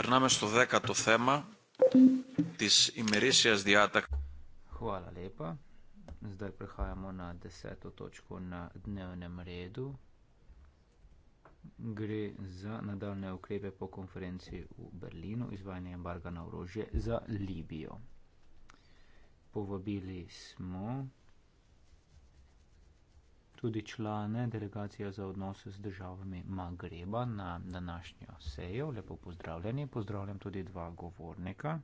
Περνάμε στο δέκατο θέμα της ημερήσιας διάταξης. Χουάλα λίπα. Zdaj prehajamo na deseto točko na dnevnem redu. Gre za nadaljne ukrepe po konferenci v Berlinu, izvajanje embarga na orožje za Libijo. Povabili smo tudi člane delegacije za odnose z državami Magreba na današnjo sejo. Lepo pozdravljeni. Pozdravljam tudi dva govornika.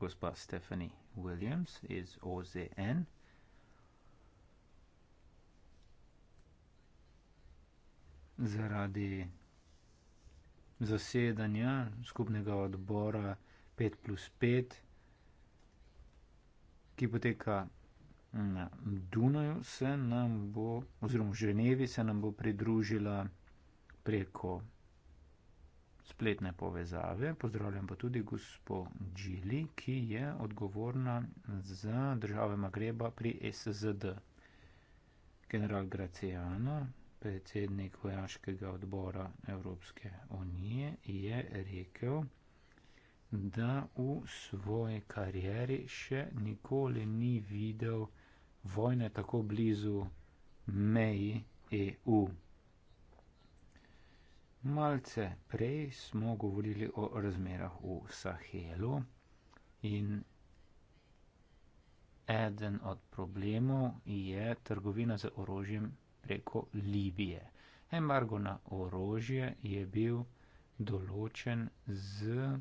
Gospa Stephanie Williams iz OZN. Zaradi zasedanja skupnega odbora 5 plus 5, ki poteka na Dunaju se nam bo, oziroma v Ženevi se nam bo pridružila preko spletne povezave. Pozdravljam pa tudi gospo Džili, ki je odgovorna za države Magreba pri SZD. General Graciano, predsednik vojaškega odbora Evropske unije, je rekel, da v svoji karieri še nikoli ni videl vojne tako blizu meji EU. Malce prej smo govorili o razmerah v Sahelu in eden od problemov je trgovina z orožjem preko Libije. Embargo na orožje je bil določen z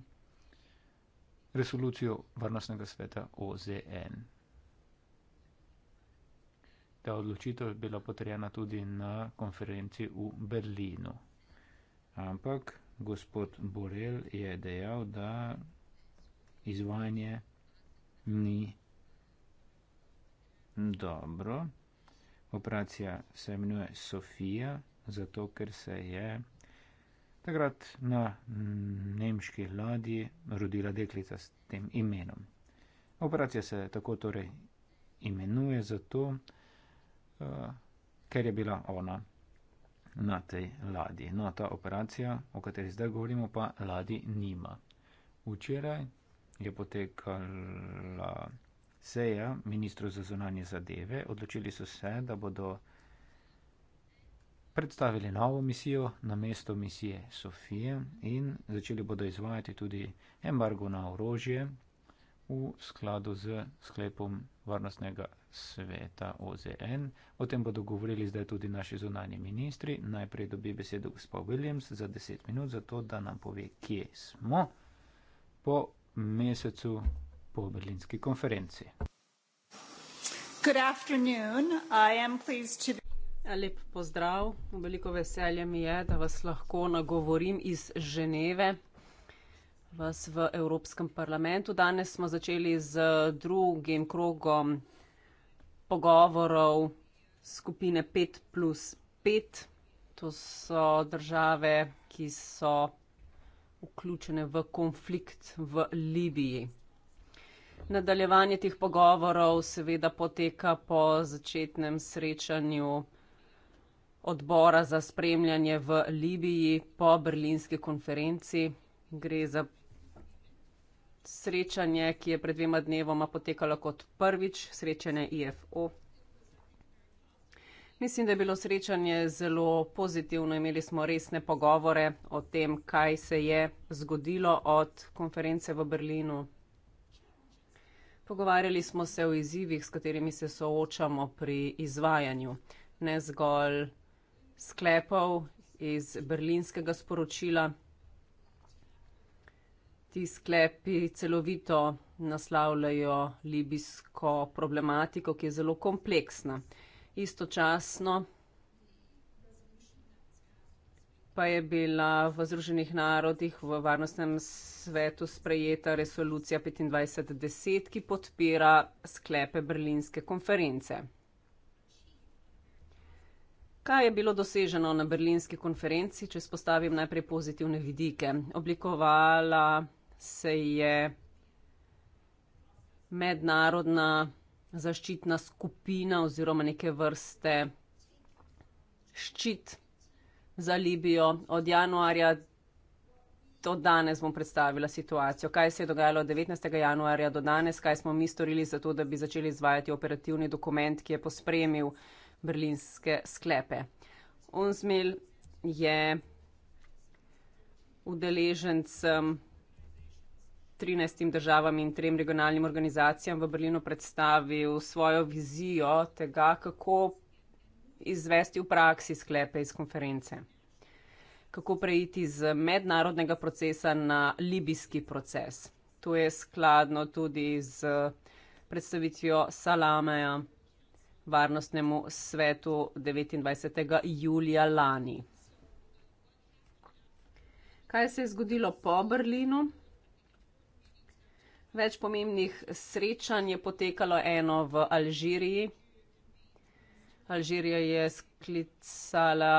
resolucijo Varnostnega sveta OZN. Ta odločitev je bila potrjena tudi na konferenci v Berlinu. Ampak gospod Borel je dejal, da izvajanje ni dobro. Operacija se imenuje Sofija, zato ker se je takrat na nemški ladji rodila deklica s tem imenom. Operacija se tako torej imenuje zato, ker. Eh, ker je bila ona na tej ladji. No, ta operacija, o kateri zdaj govorimo, pa ladji nima. Včeraj je potekala seja ministrov za zunanje zadeve, odločili so se, da bodo predstavili novo misijo na mesto misije Sofije in začeli bodo izvajati tudi embargo na orožje, v skladu z sklepom Varnostnega sveta OZN. O tem bodo govorili zdaj tudi naši zunanji ministri. Najprej dobi besedo gospod Williams za 10 minut, zato da nam pove, kje smo po mesecu po berlinski konferenci. Ja, lep pozdrav, veliko veselje mi je, da vas lahko nagovorim iz Ženeve, vas v Evropskem parlamentu. Danes smo začeli z drugim krogom pogovorov skupine 5 plus 5. To so države, ki so vključene v konflikt v Libiji. Nadaljevanje teh pogovorov seveda poteka po začetnem srečanju odbora za spremljanje v Libiji po berlinski konferenci. Gre za srečanje, ki je pred dvema dnevoma potekalo kot prvič srečanje IFO. Mislim, da je bilo srečanje zelo pozitivno. Imeli smo resne pogovore o tem, kaj se je zgodilo od konference v Berlinu. Pogovarjali smo se o izzivih, s katerimi se soočamo pri izvajanju, ne zgolj sklepov iz berlinskega sporočila, ti sklepi celovito naslavljajo libijsko problematiko, ki je zelo kompleksna. Istočasno pa je bila v Združenih narodih v Varnostnem svetu sprejeta resolucija 2510, ki podpira sklepe berlinske konference. Kaj je bilo doseženo na berlinski konferenci, če spostavim najprej pozitivne vidike? Oblikovala se je mednarodna zaščitna skupina oziroma neke vrste ščit za Libijo od januarja do danes bom predstavila situacijo. Kaj se je dogajalo od 19. januarja do danes, kaj smo mi storili za to, da bi začeli izvajati operativni dokument, ki je pospremil berlinske sklepe. Unzmil je udeležencem um, 13 državam in trem regionalnim organizacijam v Berlinu predstavil svojo vizijo tega, kako izvesti v praksi sklepe iz konference. Kako preiti z mednarodnega procesa na libijski proces. To je skladno tudi z predstavitvijo Salameja varnostnemu svetu 29. julija lani. Kaj se je zgodilo po Berlinu? Več pomembnih srečanj je potekalo eno v Alžiriji. Alžirija je sklicala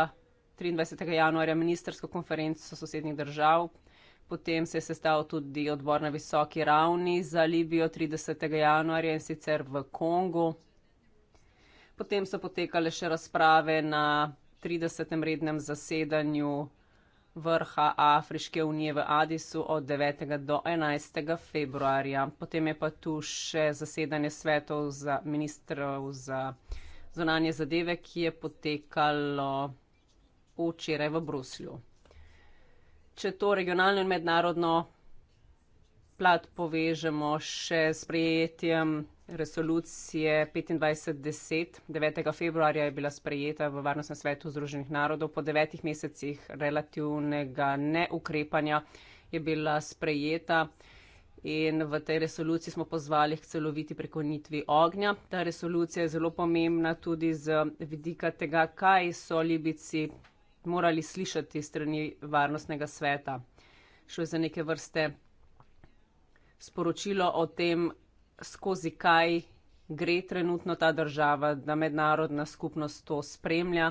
23. januarja ministersko konferenco sosednjih držav, potem se je sestal tudi odbor na visoki ravni za Libijo 30. januarja in sicer v Kongu. Potem so potekale še razprave na 30. rednem zasedanju vrha Afriške unije v Adisu od 9. do 11. februarja. Potem je pa tu še zasedanje svetov za ministrov za zonanje zadeve, ki je potekalo včeraj v Bruslju. Če to regionalno in mednarodno plat povežemo še s prijetjem resolucije 2510, 9. februarja je bila sprejeta v Varnostnem svetu Združenih narodov. Po devetih mesecih relativnega neukrepanja je bila sprejeta in v tej resoluciji smo pozvali k celoviti prekonitvi ognja. Ta resolucija je zelo pomembna tudi z vidika tega, kaj so Libici morali slišati strani Varnostnega sveta. Šlo je za neke vrste sporočilo o tem, skozi kaj gre trenutno ta država, da mednarodna skupnost to spremlja.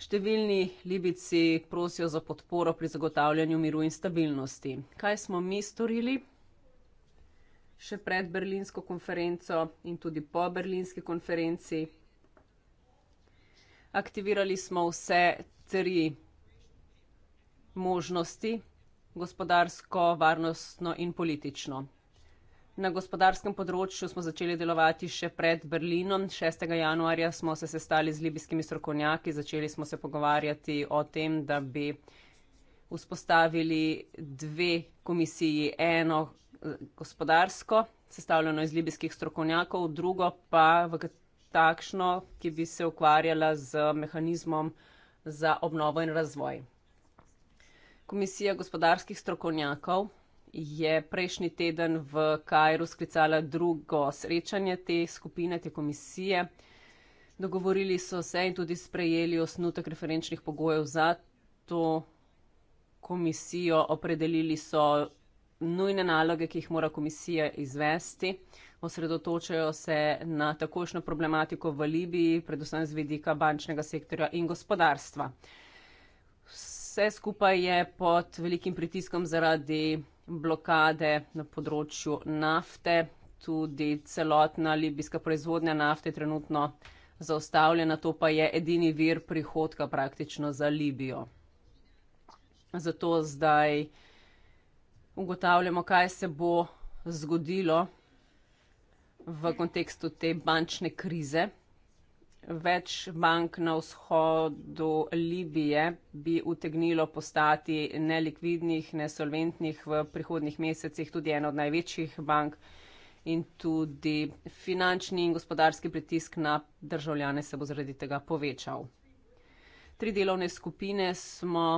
Številni Libici prosijo za podporo pri zagotavljanju miru in stabilnosti. Kaj smo mi storili še pred berlinsko konferenco in tudi po berlinski konferenci? Aktivirali smo vse tri možnosti: gospodarsko, varnostno in politično. Na gospodarskem področju smo začeli delovati še pred Berlinom. 6. januarja smo se sestali z libijskimi strokovnjaki, začeli smo se pogovarjati o tem, da bi vzpostavili dve komisiji, eno eh, gospodarsko, sestavljeno iz libijskih strokovnjakov, drugo pa v takšno, ki bi se ukvarjala z mehanizmom za obnovo in razvoj. Komisija gospodarskih strokovnjakov je prejšnji teden v Kajru sklicala drugo srečanje te skupine, te komisije. Dogovorili so se in tudi sprejeli osnutek referenčnih pogojev za to komisijo, opredelili so nujne naloge, ki jih mora komisija izvesti. Osredotočajo se na takošno problematiko v Libiji, predvsem z vidika bančnega sektorja in gospodarstva. Vse skupaj je pod velikim pritiskom zaradi blokade na področju nafte, tudi celotna libijska proizvodnja nafte je trenutno zaustavljena, to pa je edini vir prihodka praktično za Libijo. Zato zdaj ugotavljamo, kaj se bo zgodilo v kontekstu te bančne krize več bank na vzhodu Libije bi utegnilo postati nelikvidnih, nesolventnih v prihodnih mesecih, tudi ena od največjih bank in tudi finančni in gospodarski pritisk na državljane se bo zaradi tega povečal. Tri delovne skupine smo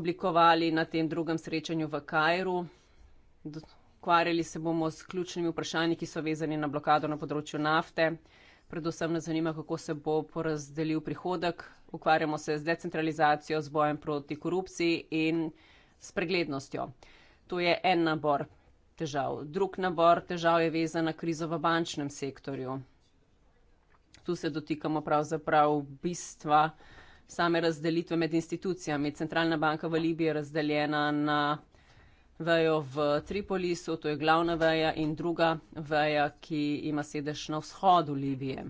oblikovali na tem drugem srečanju v Kajru. Ukvarjali se bomo s ključnimi vprašanji, ki so vezani na blokado na področju nafte. Predvsem nas zanima, kako se bo porazdelil prihodek. Ukvarjamo se z decentralizacijo, z bojem proti korupciji in s preglednostjo. To je en nabor težav. Drug nabor težav je vezan na krizo v bančnem sektorju. Tu se dotikamo pravzaprav bistva same razdelitve med institucijami. Centralna banka v Libiji je razdeljena na vejo v Tripolisu, to je glavna veja, in druga veja, ki ima sedež na vzhodu Libije.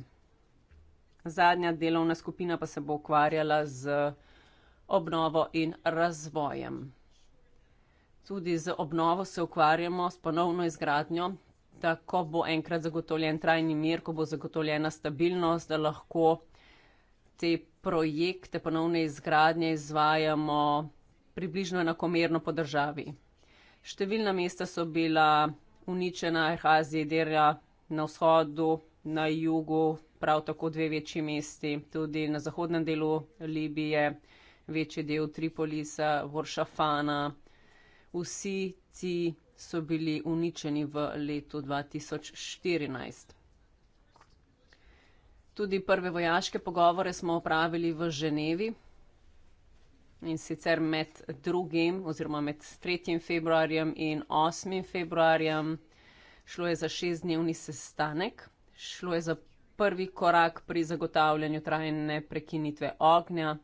Zadnja delovna skupina pa se bo ukvarjala z obnovo in razvojem. Tudi z obnovo se ukvarjamo, s ponovno izgradnjo, tako bo enkrat zagotovljen trajni mir, ko bo zagotovljena stabilnost, da lahko te projekte ponovne izgradnje izvajamo približno enakomerno po državi. Številna mesta so bila uničena, Hazi, Derja na vzhodu, na jugu, prav tako dve večji mesti, tudi na zahodnem delu Libije, večji del Tripolisa, Voršafana. Vsi ti so bili uničeni v letu 2014. Tudi prve vojaške pogovore smo opravili v Ženevi in sicer med 2. oziroma med 3. februarjem in 8. februarjem. Šlo je za šestdnevni sestanek, šlo je za prvi korak pri zagotavljanju trajne prekinitve ognja.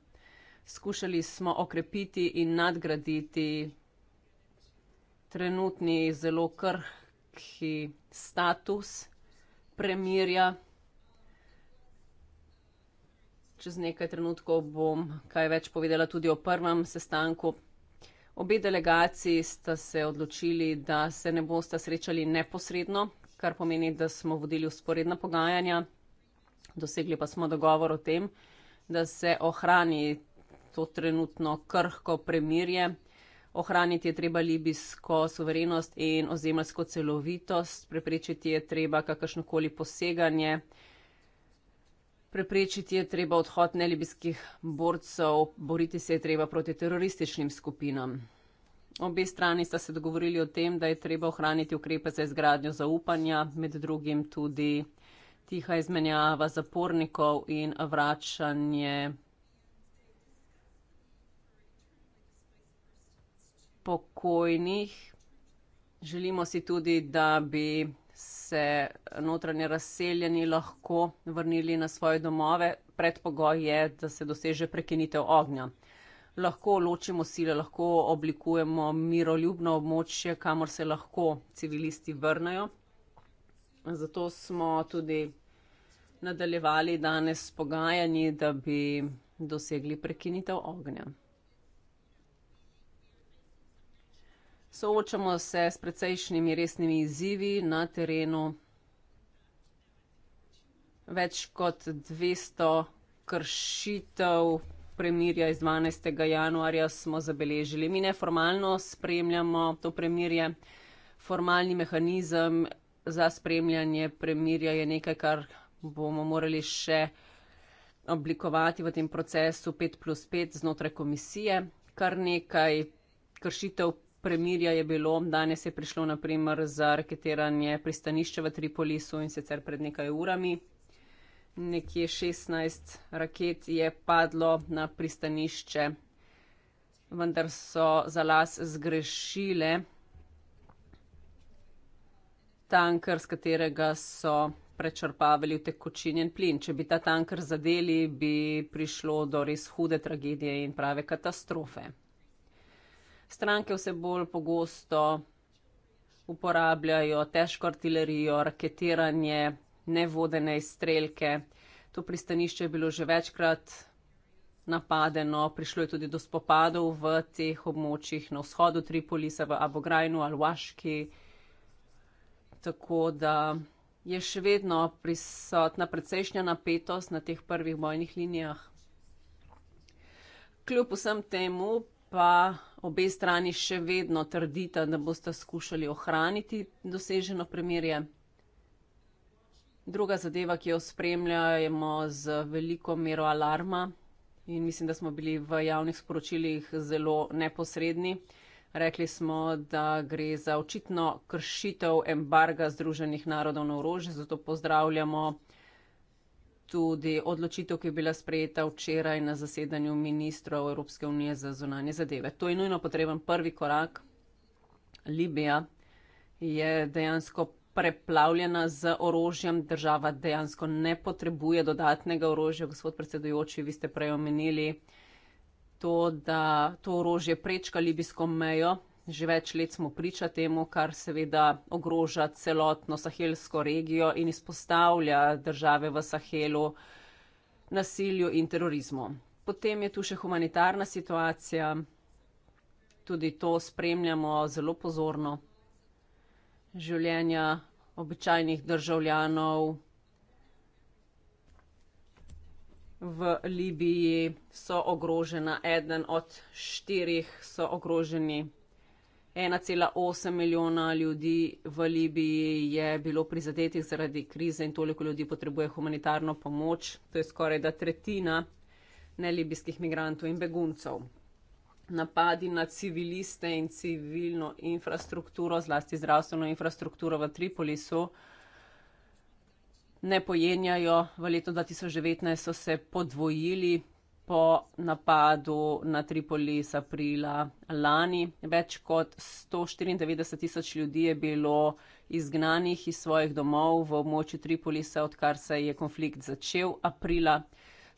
Skušali smo okrepiti in nadgraditi trenutni zelo krhki status premirja čez nekaj trenutkov bom kaj več povedala tudi o prvem sestanku. Obe delegaciji sta se odločili, da se ne bosta srečali neposredno, kar pomeni, da smo vodili usporedna pogajanja. Dosegli pa smo dogovor o tem, da se ohrani to trenutno krhko premirje. Ohraniti je treba libijsko suverenost in ozemalsko celovitost, preprečiti je treba kakršnokoli poseganje. Preprečiti je treba odhod nelibijskih borcev, boriti se je treba proti terorističnim skupinam. Obe strani sta se dogovorili o tem, da je treba ohraniti ukrepe za izgradnjo zaupanja, med drugim tudi tiha izmenjava zapornikov in vračanje pokojnih. Želimo si tudi, da bi se notranje razseljeni lahko vrnili na svoje domove, predpogoj je, da se doseže prekinitev ognja. Lahko ločimo sile, lahko oblikujemo miroljubno območje, kamor se lahko civilisti vrnajo. Zato smo tudi nadaljevali danes pogajanji, da bi dosegli prekinitev ognja. Soočamo se s precejšnjimi resnimi izzivi na terenu. Več kot 200 kršitev premirja iz 12. januarja smo zabeležili. Mi neformalno spremljamo to premirje. Formalni mehanizem za spremljanje premirja je nekaj, kar bomo morali še oblikovati v tem procesu 5 plus 5 znotraj komisije. Kar nekaj kršitev premirja je bilo, danes je prišlo naprimer za raketiranje pristanišča v Tripolisu in sicer pred nekaj urami. Nekje 16 raket je padlo na pristanišče, vendar so za las zgrešile tanker, z katerega so prečrpavali v tekočinjen plin. Če bi ta tanker zadeli, bi prišlo do res hude tragedije in prave katastrofe stranke vse bolj pogosto uporabljajo težko artilerijo, raketiranje, nevodene izstrelke. To pristanišče je bilo že večkrat napadeno, prišlo je tudi do spopadov v teh območjih na vzhodu Tripolisa, v Abograjnu, Alvaški. Tako da je še vedno prisotna precejšnja napetost na teh prvih bojnih linijah. Kljub vsem temu pa obe strani še vedno trdita, da boste skušali ohraniti doseženo premirje. Druga zadeva, ki jo spremljamo z veliko mero alarma in mislim, da smo bili v javnih sporočilih zelo neposredni. Rekli smo, da gre za očitno kršitev embarga Združenih narodov na orožje, zato pozdravljamo tudi odločitev, ki je bila sprejeta včeraj na zasedanju ministrov Evropske unije za zunanje zadeve. To je nujno potreben prvi korak. Libija je dejansko preplavljena z orožjem, država dejansko ne potrebuje dodatnega orožja. Gospod predsedujoči, vi ste prej omenili to, da to orožje prečka libijsko mejo, Že več let smo priča temu, kar seveda ogroža celotno sahelsko regijo in izpostavlja države v Sahelu nasilju in terorizmu. Potem je tu še humanitarna situacija, tudi to spremljamo zelo pozorno. Življenja običajnih državljanov v Libiji so ogrožena, eden od štirih so ogroženi 1,8 milijona ljudi v Libiji je bilo prizadetih zaradi krize in toliko ljudi potrebuje humanitarno pomoč. To je skoraj da tretjina nelibijskih migrantov in beguncev. Napadi na civiliste in civilno infrastrukturo, zlasti zdravstveno infrastrukturo v Tripolisu, ne pojenjajo. V letu 2019 so se podvojili po napadu na Tripolis aprila lani. Več kot 194 tisoč ljudi je bilo izgnanih iz svojih domov v območju Tripolisa, odkar se je konflikt začel aprila.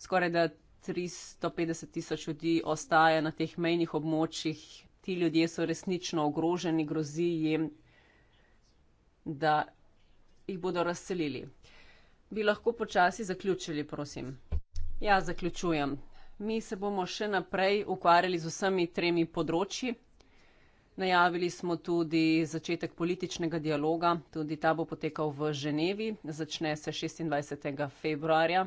Skoraj da 350 tisoč ljudi ostaje na teh mejnih območjih. Ti ljudje so resnično ogroženi, grozi jim, da jih bodo razselili. Bi lahko počasi zaključili, prosim. Ja, zaključujem. Mi se bomo še naprej ukvarjali z vsemi tremi področji. Najavili smo tudi začetek političnega dialoga, tudi ta bo potekal v Ženevi, začne se 26. februarja.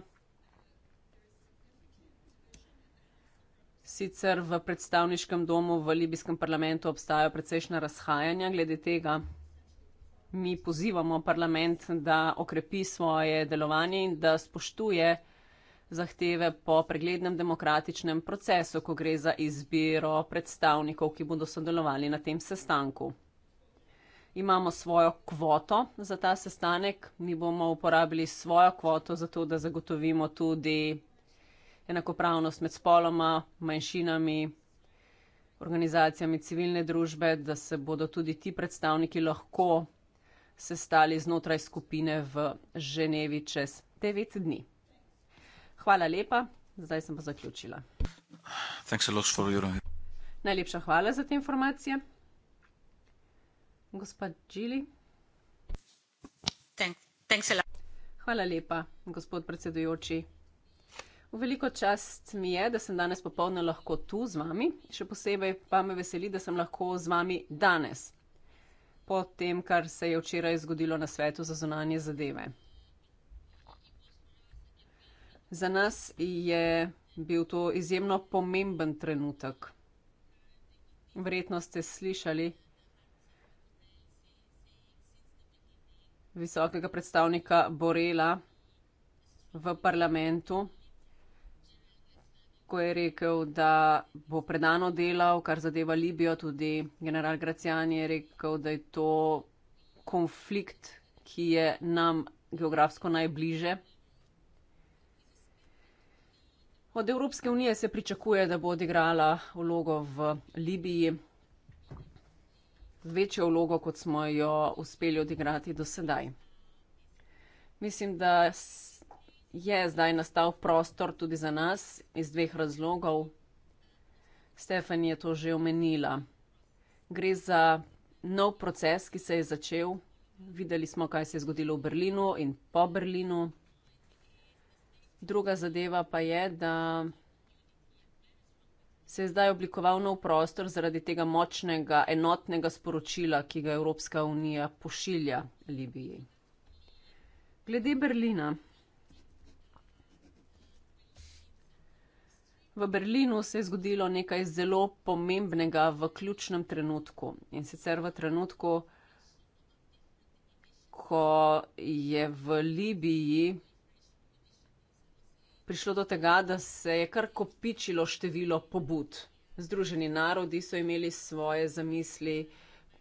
Sicer v predstavniškem domu v libijskem parlamentu obstajajo precejšna razhajanja glede tega. Mi pozivamo parlament, da okrepi svoje delovanje in da spoštuje zahteve po preglednem demokratičnem procesu, ko gre za izbiro predstavnikov, ki bodo sodelovali na tem sestanku. Imamo svojo kvoto za ta sestanek, mi bomo uporabili svojo kvoto za to, da zagotovimo tudi enakopravnost med spoloma, manjšinami, organizacijami civilne družbe, da se bodo tudi ti predstavniki lahko sestali znotraj skupine v Ženevi čez devet dni. Hvala lepa, zdaj sem pa zaključila. Najlepša hvala za te informacije. Gospod Džili. Hvala lepa, gospod predsedujoči. V veliko čast mi je, da sem danes popolno lahko tu z vami, še posebej pa me veseli, da sem lahko z vami danes, po tem, kar se je včeraj zgodilo na svetu za zunanje zadeve. Za nas je bil to izjemno pomemben trenutek. Verjetno ste slišali visokega predstavnika Borela v parlamentu, ko je rekel, da bo predano delal, kar zadeva Libijo. Tudi general Gracijan je rekel, da je to konflikt, ki je nam geografsko najbliže. Od Evropske unije se pričakuje, da bo odigrala vlogo v Libiji, večjo vlogo, kot smo jo uspeli odigrati do sedaj. Mislim, da je zdaj nastal prostor tudi za nas iz dveh razlogov. Stefan je to že omenila. Gre za nov proces, ki se je začel. Videli smo, kaj se je zgodilo v Berlinu in po Berlinu. Druga zadeva pa je, da se je zdaj oblikoval nov prostor zaradi tega močnega, enotnega sporočila, ki ga Evropska unija pošilja Libiji. Glede Berlina. V Berlinu se je zgodilo nekaj zelo pomembnega v ključnem trenutku in sicer v trenutku, ko je v Libiji prišlo do tega, da se je kar kopičilo število pobud. Združeni narodi so imeli svoje zamisli,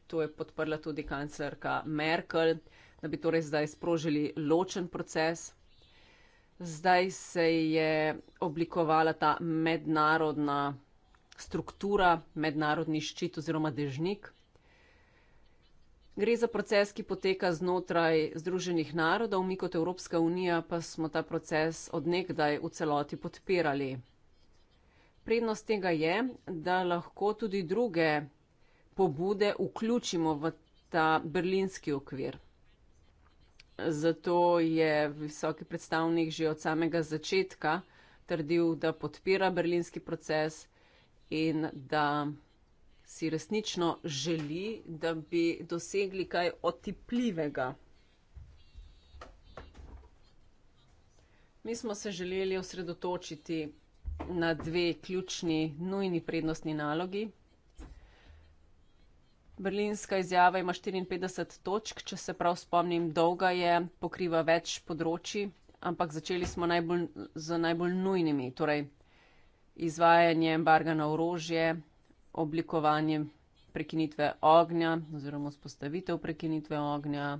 to je podprla tudi kanclerka Merkel, da bi torej zdaj sprožili ločen proces. Zdaj se je oblikovala ta mednarodna struktura, mednarodni ščit oziroma dežnik. Gre za proces, ki poteka znotraj Združenih narodov, mi kot Evropska unija pa smo ta proces odnegdaj v celoti podpirali. Prednost tega je, da lahko tudi druge pobude vključimo v ta berlinski okvir. Zato je visoki predstavnik že od samega začetka trdil, da podpira berlinski proces in da si resnično želi, da bi dosegli kaj otipljivega? Mi smo se želeli osredotočiti na dve ključni, nujni prednostni nalogi. Berlinska izjava ima 54 točk, če se prav spomnim, dolga je, pokriva več področji, ampak začeli smo najbolj, z najbolj nujnimi, torej izvajanje embarga na orožje, oblikovanjem prekinitve ognja oziroma spostavitev prekinitve ognja.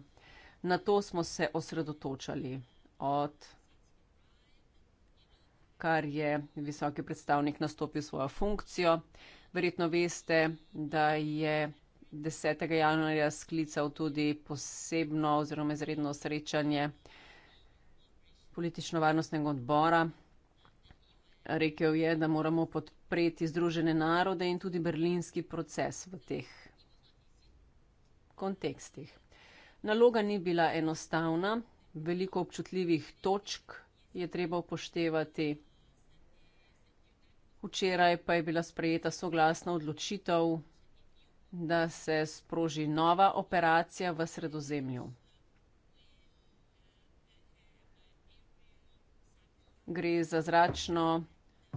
Na to smo se osredotočali od kar je visoki predstavnik nastopil svojo funkcijo. Verjetno veste, da je 10. januarja sklical tudi posebno oziroma izredno srečanje politično-varnostnega odbora Rekel je, da moramo podpreti Združene narode in tudi berlinski proces v teh kontekstih. Naloga ni bila enostavna, veliko občutljivih točk je treba upoštevati. Včeraj pa je bila sprejeta soglasna odločitev, da se sproži nova operacija v sredozemlju. Gre za zračno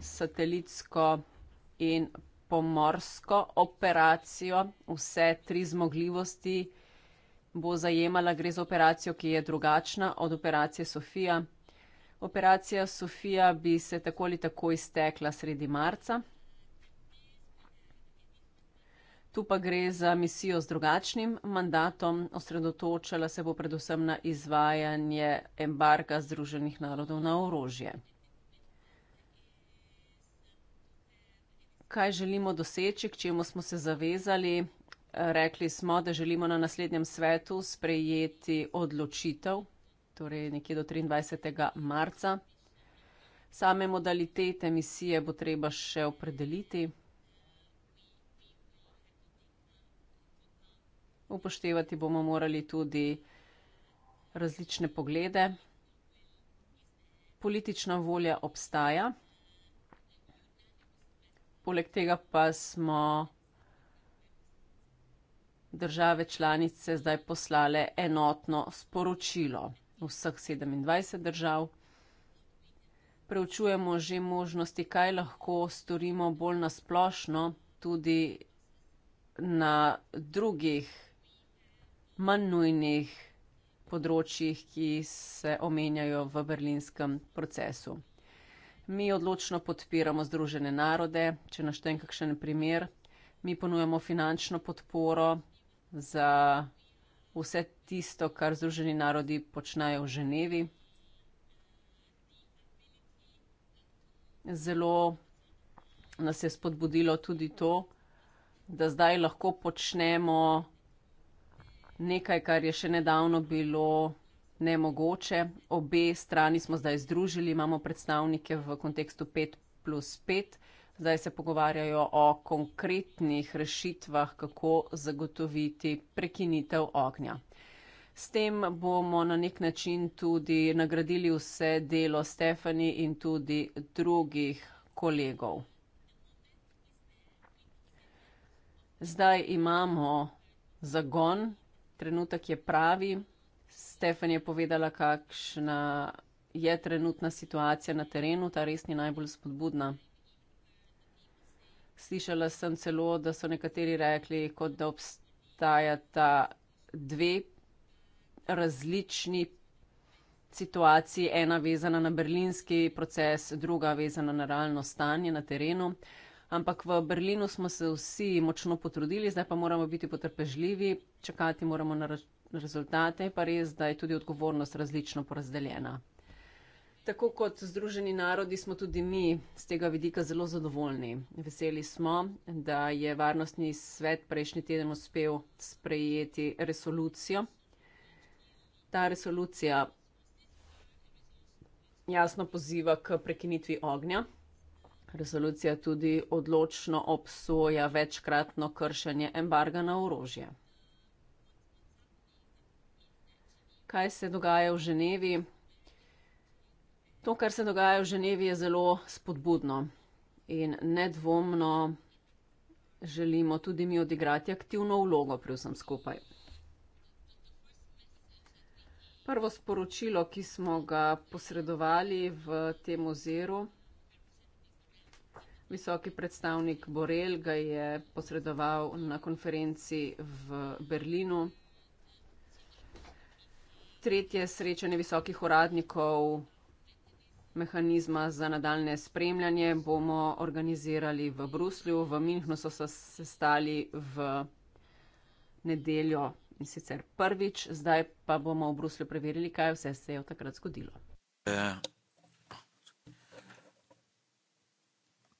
satelitsko in pomorsko operacijo. Vse tri zmogljivosti bo zajemala, gre za operacijo, ki je drugačna od operacije Sofija. Operacija Sofija bi se tako ali tako iztekla sredi marca. Tu pa gre za misijo z drugačnim mandatom. Osredotočala se bo predvsem na izvajanje embarga Združenih narodov na orožje. kaj želimo doseči, k čemu smo se zavezali. Rekli smo, da želimo na naslednjem svetu sprejeti odločitev, torej nekje do 23. marca. Same modalitete misije bo treba še opredeliti. Upoštevati bomo morali tudi različne poglede. Politična volja obstaja poleg tega pa smo države članice zdaj poslale enotno sporočilo vseh 27 držav. Preučujemo že možnosti, kaj lahko storimo bolj nasplošno tudi na drugih manj nujnih področjih, ki se omenjajo v berlinskem procesu. Mi odločno podpiramo Združene narode, če naštejem kakšen primer. Mi ponujemo finančno podporo za vse tisto, kar Združeni narodi počnejo v Ženevi. Zelo nas je spodbudilo tudi to, da zdaj lahko počnemo nekaj, kar je še nedavno bilo nemogoče. Obe strani smo zdaj združili, imamo predstavnike v kontekstu 5 plus 5. Zdaj se pogovarjajo o konkretnih rešitvah, kako zagotoviti prekinitev ognja. S tem bomo na nek način tudi nagradili vse delo Stefani in tudi drugih kolegov. Zdaj imamo zagon, trenutek je pravi, Stefan je povedala, kakšna je trenutna situacija na terenu, ta res ni najbolj spodbudna. Slišala sem celo, da so nekateri rekli, kot da obstajata dve različni situaciji, ena vezana na berlinski proces, druga vezana na realno stanje na terenu. Ampak v Berlinu smo se vsi močno potrudili, zdaj pa moramo biti potrpežljivi, čakati moramo na rezultate, pa res, da je tudi odgovornost različno porazdeljena. Tako kot Združeni narodi smo tudi mi z tega vidika zelo zadovoljni. Veseli smo, da je Varnostni svet prejšnji teden uspel sprejeti resolucijo. Ta resolucija jasno poziva k prekinitvi ognja. Resolucija tudi odločno obsoja večkratno kršenje embarga na orožje. kaj se dogaja v Ženevi. To, kar se dogaja v Ženevi, je zelo spodbudno in nedvomno želimo tudi mi odigrati aktivno vlogo pri vsem skupaj. Prvo sporočilo, ki smo ga posredovali v tem oziru, visoki predstavnik Borel ga je posredoval na konferenci v Berlinu tretje srečanje visokih uradnikov mehanizma za nadaljne spremljanje bomo organizirali v Bruslju. V Minhnu so se sestali v nedeljo in sicer prvič, zdaj pa bomo v Bruslju preverili, kaj vse se je v takrat zgodilo. E,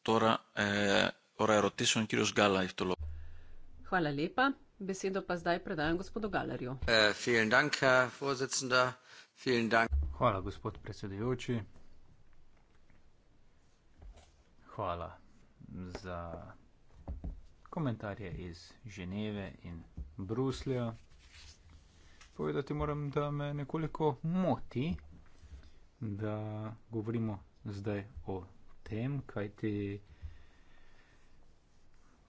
tora, e, ora je rotišen, kjer je žgala in to lo. Hvala lepa. Besedo pa zdaj predajam gospodu Galerju. Eh, Hvala, gospod predsedujoči. Hvala za komentarje iz Ženeve in Bruslja. Povedati moram, da me nekoliko moti, da govorimo zdaj o tem, kajti.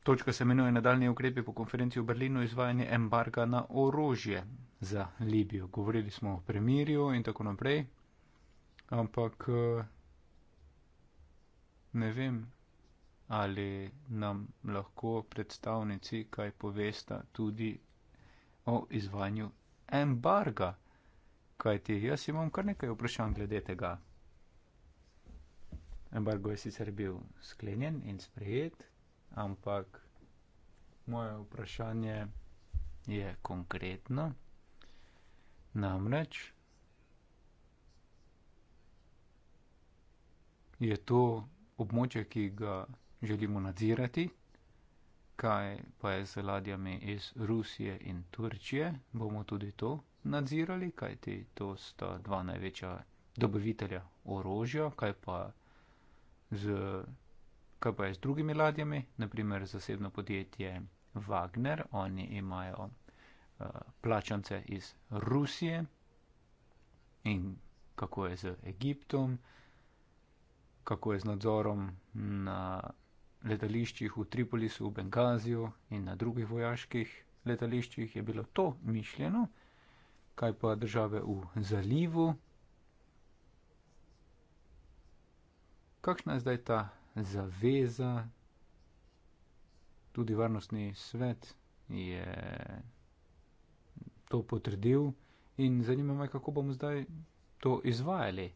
Točka se imenuje nadaljni ukrepi po konferenci v Berlinu izvajanje embarga na orožje za Libijo. Govorili smo o premirju in tako naprej, ampak eh, ne vem, ali nam lahko predstavnici kaj povesta tudi o izvajanju embarga, kajti jaz imam kar nekaj vprašanj glede tega. Embargo je sicer bil sklenjen in sprejet, ampak moje vprašanje je konkretno. Namreč je to območje, ki ga želimo nadzirati, kaj pa je z ladjami iz Rusije in Turčije, bomo tudi to nadzirali, kajti to sta dva največja dobavitelja orožja, kaj pa z kaj pa je z drugimi ladjami, naprimer zasebno podjetje Wagner, oni imajo uh, plačance iz Rusije in kako je z Egiptom, kako je z nadzorom na letališčih v Tripolisu, v Bengaziju in na drugih vojaških letališčih je bilo to mišljeno, kaj pa države v zalivu. Kakšna je zdaj ta zaveza, tudi varnostni svet je to potrdil in zanima me, kako bomo zdaj to izvajali.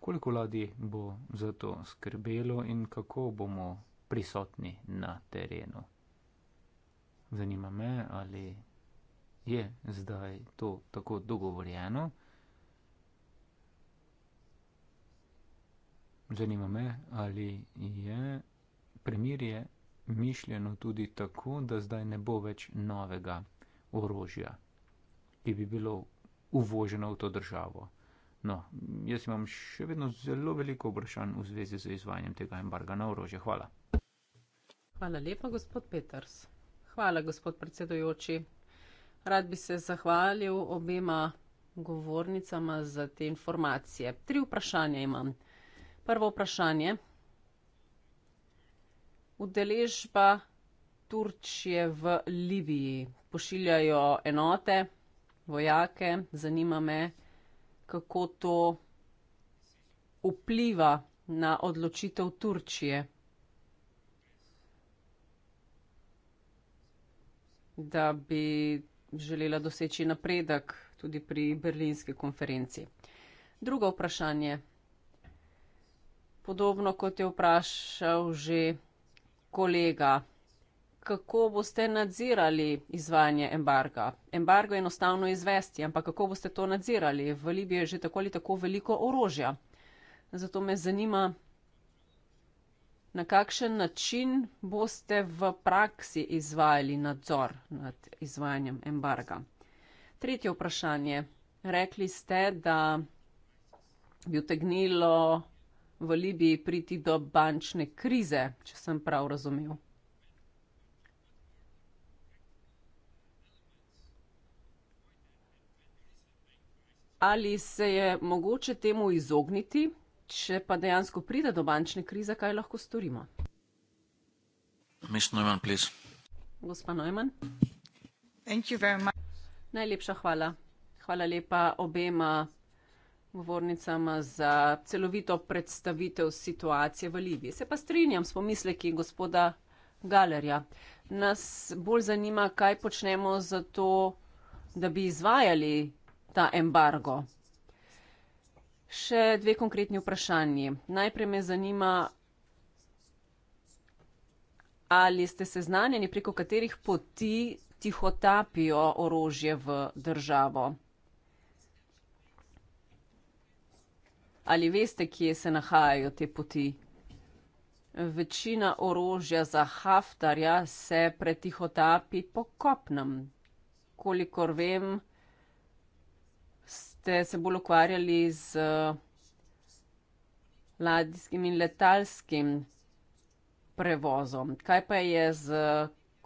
Koliko ladi bo za to skrbelo in kako bomo prisotni na terenu. Zanima me, ali je zdaj to tako dogovorjeno. Zanima me, ali je premirje mišljeno tudi tako, da zdaj ne bo več novega orožja, ki bi bilo uvoženo v to državo. No, jaz imam še vedno zelo veliko vprašanj v zvezi z izvajanjem tega embarga na orožje. Hvala. Hvala lepa, gospod Peters. Hvala, gospod predsedujoči. Rad bi se zahvalil obema govornicama za te informacije. Tri vprašanja imam. Prvo vprašanje. Udeležba Turčije v Libiji. Pošiljajo enote, vojake, zanima me, kako to vpliva na odločitev Turčije, da bi želela doseči napredek tudi pri berlinski konferenci. Drugo vprašanje podobno kot je vprašal že kolega. Kako boste nadzirali izvajanje embarga? Embargo je enostavno izvesti, ampak kako boste to nadzirali? V Libiji je že tako ali tako veliko orožja. Zato me zanima, na kakšen način boste v praksi izvajali nadzor nad izvajanjem embarga. Tretje vprašanje. Rekli ste, da bi utegnilo v Libiji priti do bančne krize, če sem prav razumel. Ali se je mogoče temu izogniti, če pa dejansko pride do bančne krize, kaj lahko storimo? Gospa Neumann. Najlepša hvala. Hvala lepa obema govornicama za celovito predstavitev situacije v Libiji. Se pa strinjam s pomisleki gospoda Galerja. Nas bolj zanima, kaj počnemo za to, da bi izvajali ta embargo. Še dve konkretni vprašanji. Najprej me zanima, ali ste seznanjeni, preko katerih poti tihotapijo orožje v državo. ali veste, kje se nahajajo te poti? Večina orožja za haftarja se pretihotapi po kopnem. Kolikor vem, ste se bolj ukvarjali z eh, ladijskim in letalskim prevozom. Kaj pa je z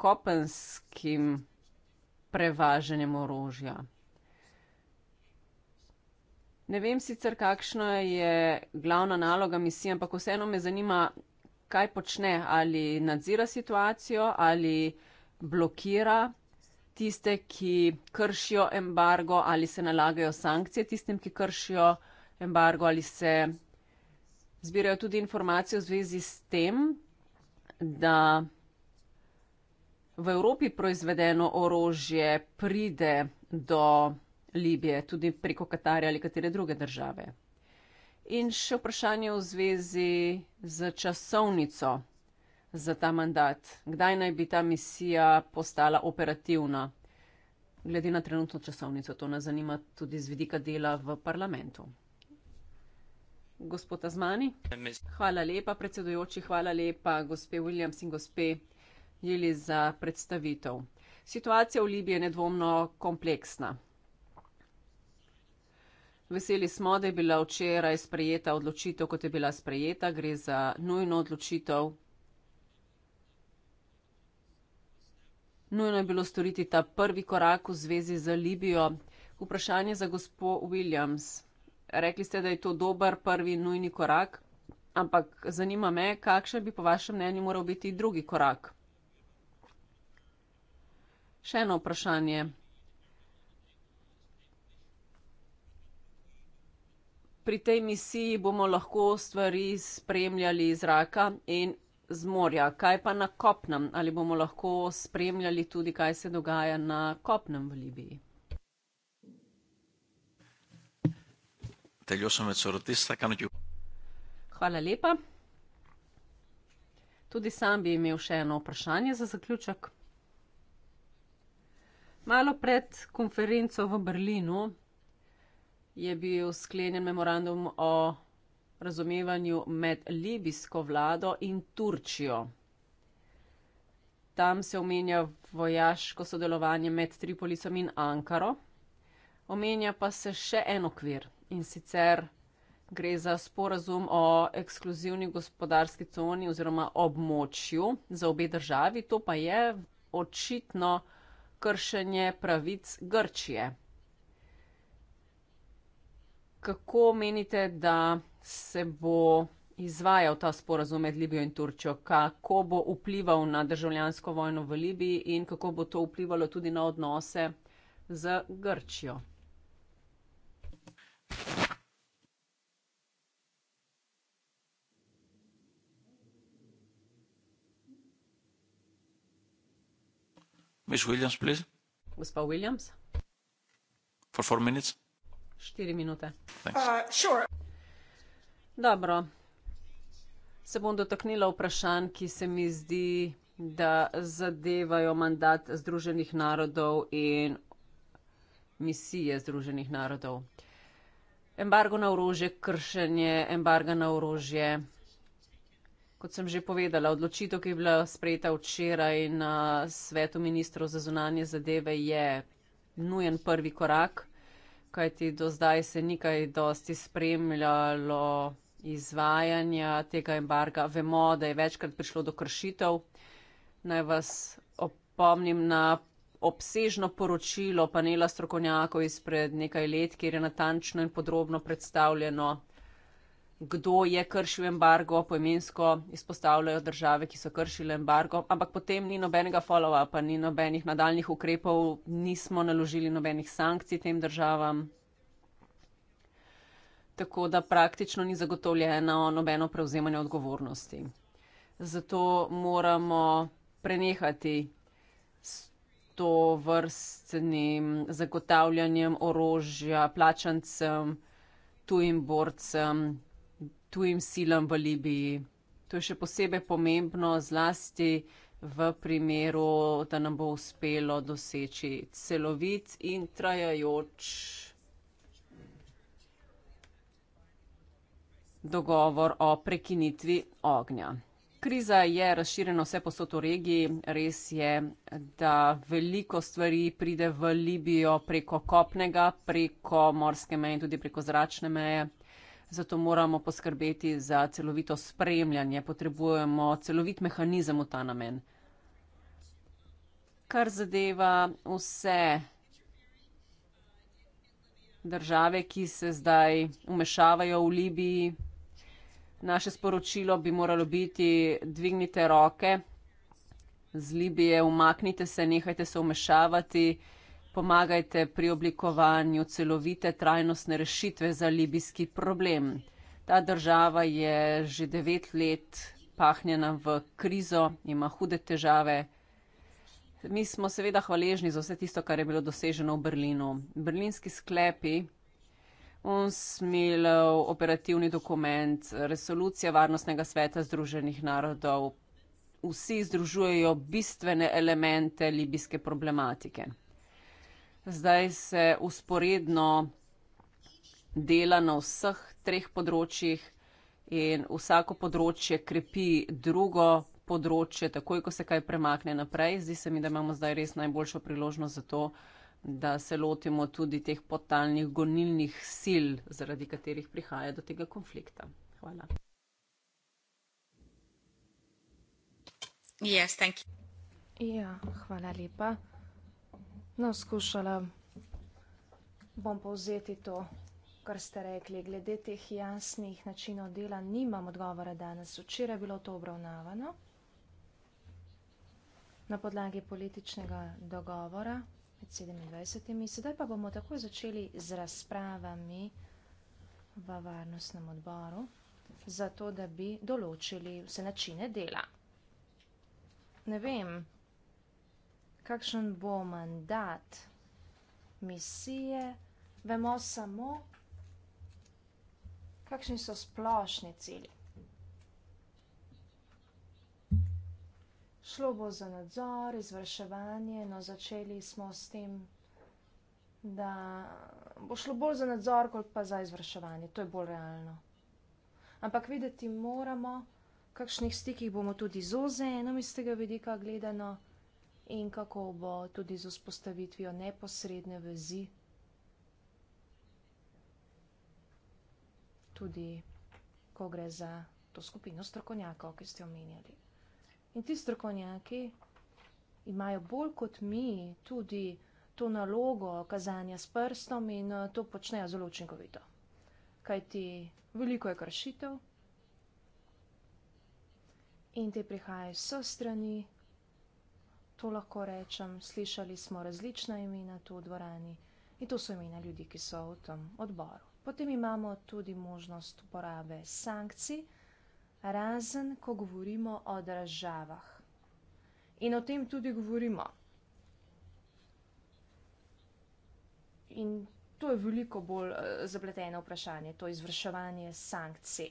kopenskim prevaženjem orožja? Ne vem sicer, kakšna je glavna naloga misije, ampak vseeno me zanima, kaj počne, ali nadzira situacijo, ali blokira tiste, ki kršijo embargo, ali se nalagajo sankcije tistim, ki kršijo embargo, ali se zbirajo tudi informacije v zvezi s tem, da v Evropi proizvedeno orožje pride do. Libije, tudi preko Katarja ali katere druge države. In še vprašanje v zvezi z časovnico za ta mandat. Kdaj naj bi ta misija postala operativna? Glede na trenutno časovnico, to nas zanima tudi z vidika dela v parlamentu. Gospod Azmani, hvala lepa, predsedujoči, hvala lepa, gospe Williams in gospe Jeli za predstavitev. Situacija v Libiji je nedvomno kompleksna. Veseli smo, da je bila včeraj sprejeta odločitev, kot je bila sprejeta. Gre za nujno odločitev. Nujno je bilo storiti ta prvi korak v zvezi z Libijo. Vprašanje za gospod Williams. Rekli ste, da je to dober prvi nujni korak, ampak zanima me, kakšen bi po vašem mnenju moral biti drugi korak. Še eno vprašanje. pri tej misiji bomo lahko stvari spremljali iz zraka in z morja. Kaj pa na kopnem? Ali bomo lahko spremljali tudi, kaj se dogaja na kopnem v Libiji? Hvala lepa. Tudi sam bi imel še eno vprašanje za zaključek. Malo pred konferenco v Berlinu je bil sklenjen memorandum o razumevanju med libijsko vlado in Turčijo. Tam se omenja vojaško sodelovanje med Tripolisom in Ankaro, omenja pa se še en okvir in sicer gre za sporazum o ekskluzivni gospodarski coni oziroma območju za obe državi, to pa je očitno kršenje pravic Grčije kako menite, da se bo izvajal ta sporazum med Libijo in Turčjo, kako bo vplival na državljansko vojno v Libiji in kako bo to vplivalo tudi na odnose z Grčijo? Ms. Williams, prosim. Gospa Williams. For four minutes štiri minute. Uh, sure. Dobro. Se bom dotaknila vprašanj, ki se mi zdi, da zadevajo mandat Združenih narodov in misije Združenih narodov. Embargo na orožje, kršenje embarga na orožje. Kot sem že povedala, odločitev, ki je bila sprejeta včeraj na svetu ministrov za zunanje zadeve, je nujen prvi korak kajti do zdaj se ni kaj dosti spremljalo izvajanja tega embarga. Vemo, da je večkrat prišlo do kršitev. Naj vas opomnim na obsežno poročilo panela strokovnjakov izpred nekaj let, kjer je natančno in podrobno predstavljeno kdo je kršil embargo, poimensko izpostavljajo države, ki so kršile embargo, ampak potem ni nobenega follow-upa, ni nobenih nadaljnih ukrepov, nismo naložili nobenih sankcij tem državam. Tako da praktično ni zagotovljeno nobeno prevzemanje odgovornosti. Zato moramo prenehati s to vrstnim zagotavljanjem orožja plačancem, tujim borcem, tujim silam v Libiji. To je še posebej pomembno, zlasti v primeru, da nam bo uspelo doseči celovit in trajajoč dogovor o prekinitvi ognja. Kriza je razširjena vse posod v regiji. Res je, da veliko stvari pride v Libijo preko kopnega, preko morske meje in tudi preko zračne meje. Zato moramo poskrbeti za celovito spremljanje, potrebujemo celovit mehanizem v ta namen. Kar zadeva vse države, ki se zdaj umešavajo v Libiji, naše sporočilo bi moralo biti, dvignite roke z Libije, umaknite se, nehajte se umešavati pomagajte pri oblikovanju celovite trajnostne rešitve za libijski problem. Ta država je že devet let pahnjena v krizo, ima hude težave. Mi smo seveda hvaležni za vse tisto, kar je bilo doseženo v Berlinu. Berlinski sklepi, UNSMILOV, operativni dokument, resolucija Varnostnega sveta Združenih narodov, vsi združujejo bistvene elemente libijske problematike zdaj se usporedno dela na vseh treh področjih in vsako področje krepi drugo področje, takoj ko se kaj premakne naprej. Zdi se mi, da imamo zdaj res najboljšo priložnost za to, da se lotimo tudi teh potalnih gonilnih sil, zaradi katerih prihaja do tega konflikta. Hvala. Yes, ja, hvala lepa. No, skušala bom povzeti to, kar ste rekli. Glede teh jasnih načinov dela nimam odgovora danes. Včeraj je bilo to obravnavano na podlagi političnega dogovora med 27. Sedaj pa bomo takoj začeli z razpravami v varnostnem odboru, zato da bi določili vse načine dela. Ne vem kakšen bo mandat misije, vemo samo, kakšni so splošni cilji. Šlo bo za nadzor, izvrševanje, no začeli smo s tem, da bo šlo bolj za nadzor, kot pa za izvrševanje. To je bolj realno. Ampak videti moramo, kakšnih stikih bomo tudi z OZN-om e iz tega vidika gledano in kako bo tudi z vzpostavitvijo neposredne vezi tudi, ko gre za to skupino strokovnjakov, ki ste omenjali. In ti strokovnjaki imajo bolj kot mi tudi to nalogo kazanja s prstom in eh, to počnejo zelo učinkovito. Kaj ti veliko je kršitev in te prihajajo s strani to lahko rečem. Slišali smo različna imena tu v dvorani in to so imena ljudi, ki so v tem odboru. Potem imamo tudi možnost uporabe sankcij, razen ko govorimo o državah. In o tem tudi govorimo. In to je veliko bolj eh, zapleteno vprašanje, to izvrševanje sankcij.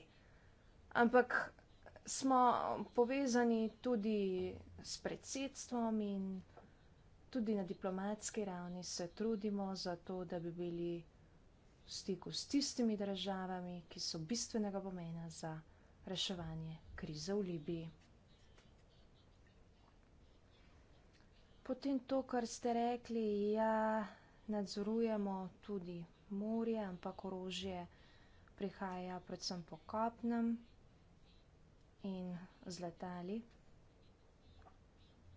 Ampak smo povezani tudi s predsedstvom in tudi na diplomatski ravni se trudimo za to, da bi bili v stiku s tistimi državami, ki so bistvenega pomena za reševanje krize v Libiji. Potem to, kar ste rekli, ja, nadzorujemo tudi morje, ampak orožje prihaja predvsem po kopnem in z letali.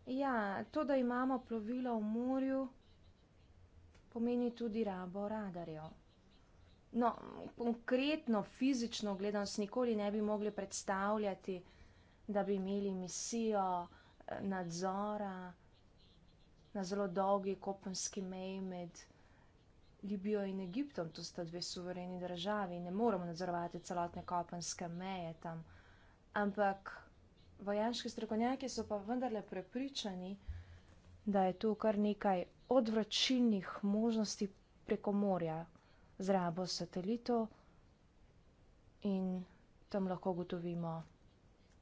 Ja, to, da imamo plovilo v morju, pomeni tudi rabo radarjev. No, konkretno, fizično gledano, si nikoli ne bi mogli predstavljati, da bi imeli misijo eh, nadzora na zelo dolgi kopenski mej med Libijo in Egiptom. To sta dve suvereni državi in ne moramo nadzorovati celotne kopenske meje tam. Ampak vojaški strokovnjaki so pa vendarle prepričani, da je tu kar nekaj odvračilnih možnosti preko morja z rabo satelitov in tam lahko ugotovimo,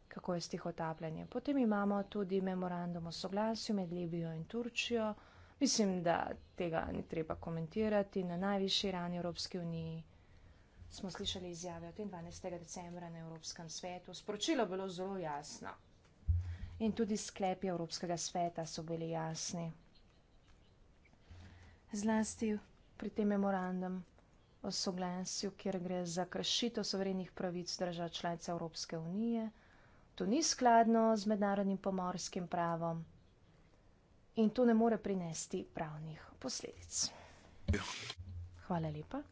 kako je s tih otapljanjem. Potem imamo tudi memorandum o soglasju med Libijo in Turčijo. Mislim, da tega ni treba komentirati na najvišji ravni Evropske unije smo slišali izjave od 12. decembra na Evropskem svetu. Sporočilo je bilo zelo jasno. In tudi sklepi Evropskega sveta so bili jasni. Zlasti pri tem memorandum o soglasju, kjer gre za kršitev sovrenih pravic držav članice Evropske unije, to ni skladno z mednarodnim pomorskim pravom in to ne more prinesti pravnih posledic. Hvala lepa.